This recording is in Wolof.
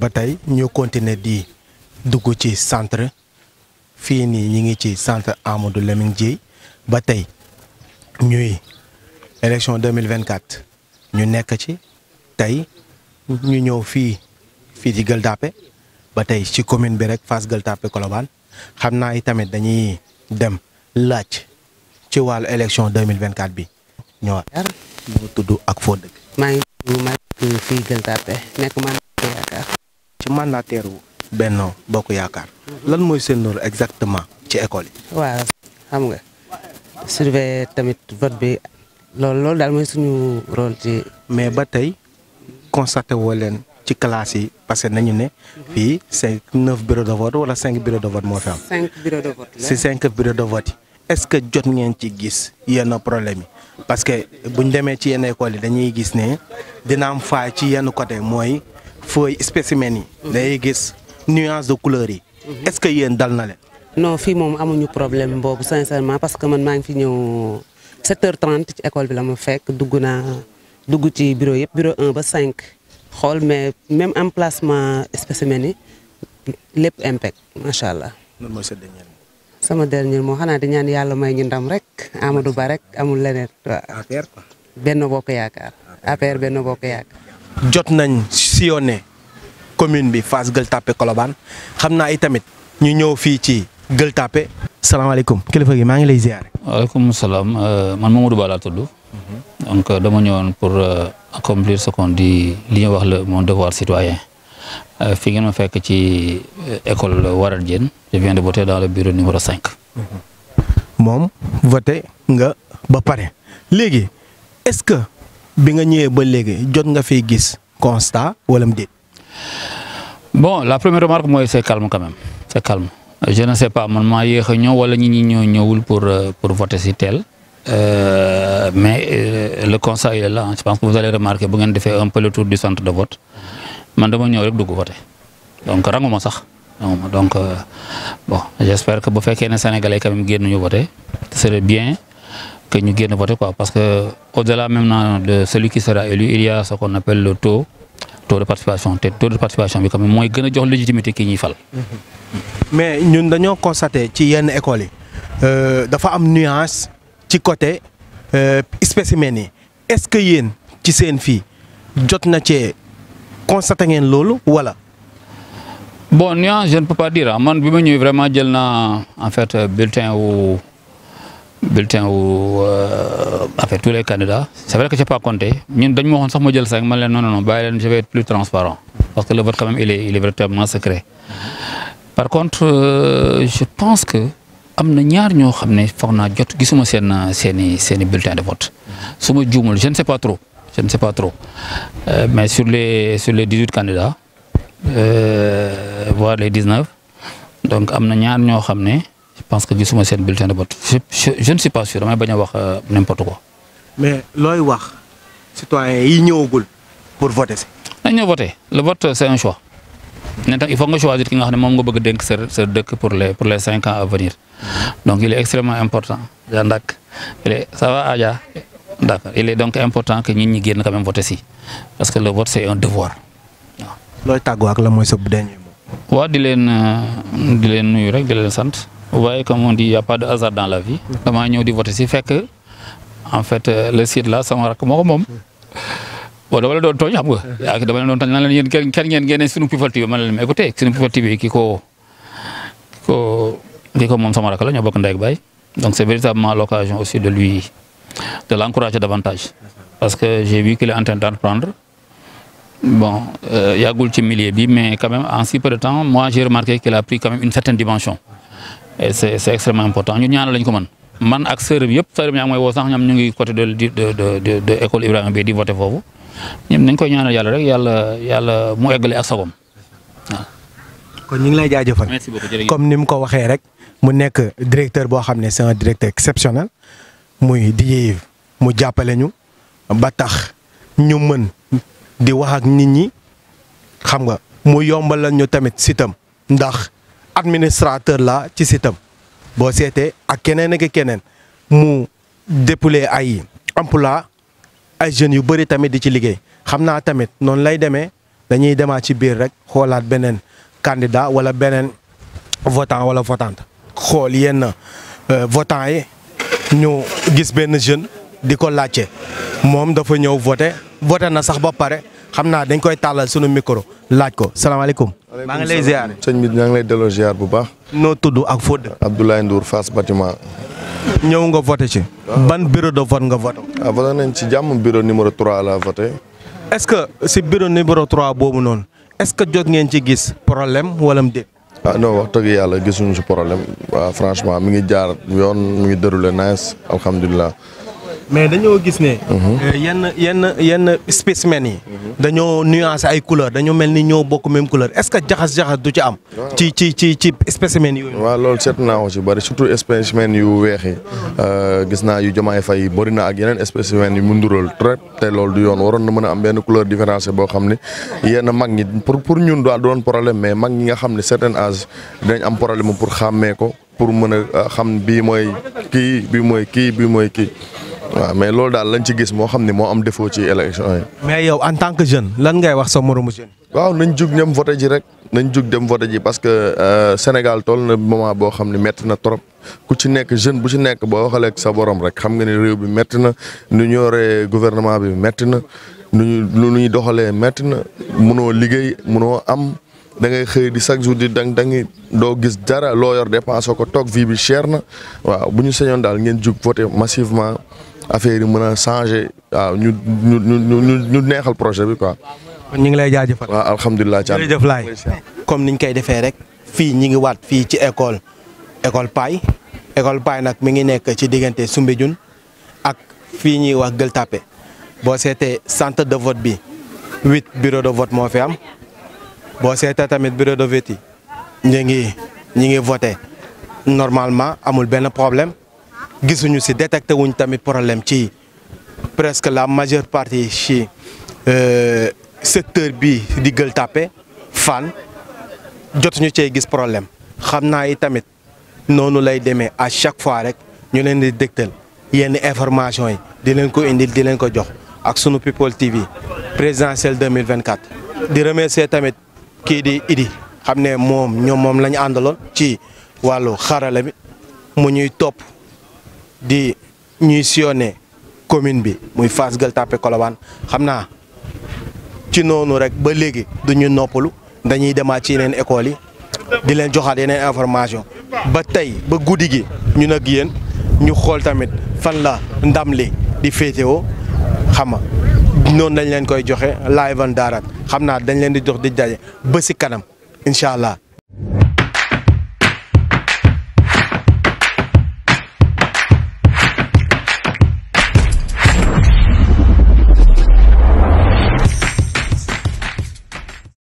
ba tey ñu continuer di dugg ci centre fii nii ñi ngi ci centre Amadou Lamine Dieye ba tey ñuy élection 2024 ñu nekk ci tey ñu ñëw fii fii ci Gueule ba tey ci commune bi rek Fass Gueule Tapée xam naa i tamit dañuy dem laaj ci wàll élection 2024 bi ñëwaat. moo tudd ak foo dëkk. ci mandataire wu Benno Bokk Yaakaar. Mhm. lan mooy seen rôle exactement ci école yi. waaw xam nga surveiller tamit vote bi loolu loolu daal mooy suñu rôle ci. mais ba tey constaté woo leen ci classe yi parce que nañu ne. fii cinq neuf bureaux de vote wala cinq bureaux de vote moo fi am. cinq bureaux de vote si cinq de vote yi que jot ngeen ci gis yenn problème yi parce que buñ demee ci yenn école yi dañuy gis ne dina am faay ci yenn côté mooy. feuille spécimen yi. day gis nuance de couleur yi. Mhm. est-ce que yéen dal na leen. non fii moom amuñu problème boobu sincèrement parce que man maa ngi fi ñëw 7h30 ci école bi la mu fekk dugg naa dugg ci bureau yëpp bureau 1 ba 5 xool mais même emplacement spécimen yi lépp impact macha allah. lan mooy sa dernier sama dernier moo xanaa di ñaan yàlla may ñu ndam rek du Ba rek amul leneen. benn bokk yaakaar. APR benn bokk yaakaar. jot nañ sillonné commune bi Fass Gueule Tapée Colobane xam naa itamit ñu ñëw fii ci Gueule Tapée. salaamaaleykum kilifa gi maa ngi lay ziare. waaleykum salaam euh, man Mamadou Ba laa tudd. Mhm. donc euh, dama ñëwoon pour euh, accomplir ce qu'on dit li ñu wax le mon devoir citoyen. fi ngeen ma fekk ci école Waral Dieng je viens de voter dans le bureau numéro 5. Mhm. moom voté nga ba pare léegi bi nga ñëwee ba léegi jot nga fiy gis constat wala mu déet. bon la première remarque mooy c'est calme quand même c'est calme je ne sais pas man maa yéex a ñëw wala ñi ñi ñoo ñëwul pour euh, pour voter si teel. Euh, mais euh, le constat il est je pense que vous allez remarquer bu ngeen defee un peu tour du centre de vote man dama ñëw rek dugg vote donc ranguma sax ranguma donc euh, bon j'espère que bu fekkee ne sénégalais quand même génn ñu vote serait bien que ñu génn voter quoi parce que au-delà maintenant de celui qui sera élu il y a ce qu'on appelle le taux taux de participation te taux de participation bi quand même mooy gën a jox légitimité ki ñuy fal. mais ñun dañoo constaté ci yenn écoles yi euh, dafa am nuance ci côté euh, spécimen yi est-ce que yéen ci seen fii jot na cee constaté ngeen loolu wala. bon nuance je ne peux pas dire ah bi ma ñëwee vraiment jël naa en fait bulletin bulletin wu en euh, fait tous les candidats c'est vrai que j'ai ñun dañ ma waxoon sax ma jël cinq man leen non non non bàyyi leen je vais être plus transparent parce que le vote quand il est il est par contre euh, je pense que am na ñaar ñoo xam ne foog naa jot gisuma seen seen i bulletin de vote su ma juumul je ne sais pas trop euh, mais sur les les dix huit candidats voire les donc am na ñaar ñoo xam ne. je pense que gisuma seen bulletin de vote je je ne suis pas sûr damay bañ a wax euh, n'importe quoi. mais looy wax citoyens yi ñëwagul pour voter si. nañ ñëw voter le vote c'est choix. ne il faut nga choisir ki nga xam ne moom nga bëgg a sa dëkk pour les cinq ans à donc il est extrêmement important. yaa ndax il est ça va Adja d'accord il est donc important que nit génn quand même si parce que le vote c'est un devoir looy tàggoo ak di leen euh, di leen nuyu rek di leen vous voyez on dit il a pas de hasard dans la vie damaa ñëw di voter si fekk en fait euh, le site la sama rakk moom bon dama la doon tooñ xam nga yaa dama la doon tooñ nan la yéen kenn kenn ngeen génne suñu People TV man la leen écouté suñu People TV ki ki ko ki ko moom sama rakk la ñoo bokk ndey ak baay donc c'est véritablement l'occasion aussi de lui de l'encourager davantage parce que j'ai vu qu'il est en train d'entreprendre bon euh, yàggul ci milieu bi mais quand même en si peu de temps moi j'ai remarqué et c' est c' important ñun ñaanal lañ ko mën man ak sœur bi yëpp sœur bi ñaa ngi may woo sax ñoom ñu ngi côté de de école Ibrahima bi di voté foofu nañ koy ñaanal yàlla rek yàlla yàlla mu eggale ak kon ñu ngi lay jaajëfal merci beaucoup jërëjëf comme ni mu ko waxee rek mu nekk directeur boo xam ne c' est un directeur exceptionnel muy di mu jàppale ñu ba tax ñu mën di wax ak nit ñi xam nga mu yombal la tamit sitam ndax. administrateur la ci sitam boo seetee ak keneen ak keneen mu dépoule ay emploi ay jeunes yu bëri tamit di ci liggéey xam naa tamit noonu lay demee dañuy demaat ci biir rek xoolaat beneen candidat wala beneen votant wala votante xool yenn euh, votant yi ñu gis benn jeune di ko laajte moom dafa ñëw voté voté na sax ba pare xam naa dañ koy tàllal sunu micro laaj ko salaamaaleykum. maa ngi lay ziar sëñ bi ñaa ngi lay delloo ziar bu baax. noo tudd ak foo dëkk. Abdoulaye Ndour Fass bâtiment. ñëw nga voté si ah. ban bureau de vote nga voté. ah voté nañ ci jàmm bureau numéro trois laa voté. est-ce que si bureau numéro trois boobu noonu est-ce que jot ngeen ci gis problème wala mu déet. ah non wax dëgg yàlla gisuñu si problème waaw franchement mi ngi jaar yoon mi ngi déroulé nice alhamdulilah. mais dañoo gis ne. Mhm. Euh, yenn yenn yenn spécimen yi. dañoo nuancé ay couleur dañoo mel ni ñoo bokk même couleur est-ce que jaxas jaxas du ci am. ci ci ci ci spécimen yooyu. waaw loolu seet naa bari surtout spécimen yu weex yi mhm. euh, gis naa yu jamaay fay bari na ak yeneen spécimen yu mu ndurool trop te loolu du yoon waroon na mën a am benn couleur différenciée boo xam ne yenn mag ñi pour pour ñun daal doon problème mais mag ñi nga xam ne certain âge dinañ am problème pour xàmmee ko pour mën a euh, xam bii mooy kii bii mooy kii bii mooy kii. waaw mais loolu daal lañ ci gis moo xam ne moo am défaut ci élection yi. mais yow en tant que jeune lan ngay wax sa moromu jeune. waaw nañ jug ñoom voté ji rek nañ jug dem voté ji parce que euh, Sénégal toll na moment boo xam ne métti na trop ku ci nekk jeune bu ci nekk boo waxaleeg sa borom rek xam nga ne réew bi métti na nu ñu yoree gouvernement bi métti na nu ñu nu ñu doxalee métti na munoo liggéey munoo am. da ngay xëy di chaque jour di dang dangi doo gis dara loo yor dépensé ko toog vie bi na waaw bu ñu sañoon daal ngeen jug voté massivement affaire yi mën a changer waaw ñu ñu ñu neexal projet bi quoi. ñu ngi lay jaajëfal. waaw alhamdulilah. jërëjëf laay comme niñ koy defee rek fii ñu ngi waat fii ci école école pay école pay nag mi ngi nekk ci diggante Soumbédioune ak fii ñuy wax Gueule Tapée boo seetee centre de vote bi huit bureau de vote moo fi am boo seetee tamit bureau de vote yi ñu ngi ñu ngi voté normalement amul benn problème. gisuñu si détecté wuñ tamit problème ci presque la majeure partie ci euh, secteur bi di Gueule Tapée jotuñu cee gis problème xam naa yi tamit noonu lay demee à chaque fois rek ñu leen di dégtal yenn information yi di leen ko indi di leen ko jox ak sunu People TV présidentielle 2024. di remercier tamit kii di Idi xam ne moom ñoom moom la ñu àndaloon ci wàllu xarala bi mu ñuy topp. di ñuy sillonné commune bi muy Fass Gueule Tapée Colobane xam naa ci noonu rek ba léegi du ñu noppalu dañuy demaat ci yeneen écoles yi di leen joxaat yeneen information ba tey ba guddi gi ñu nag yéen ñu xool tamit fan la ndam li di féetewoo xam nga noonu dañ leen koy joxe live en direct xam naa dañ leen di jox di daje ba si kanam incha allah.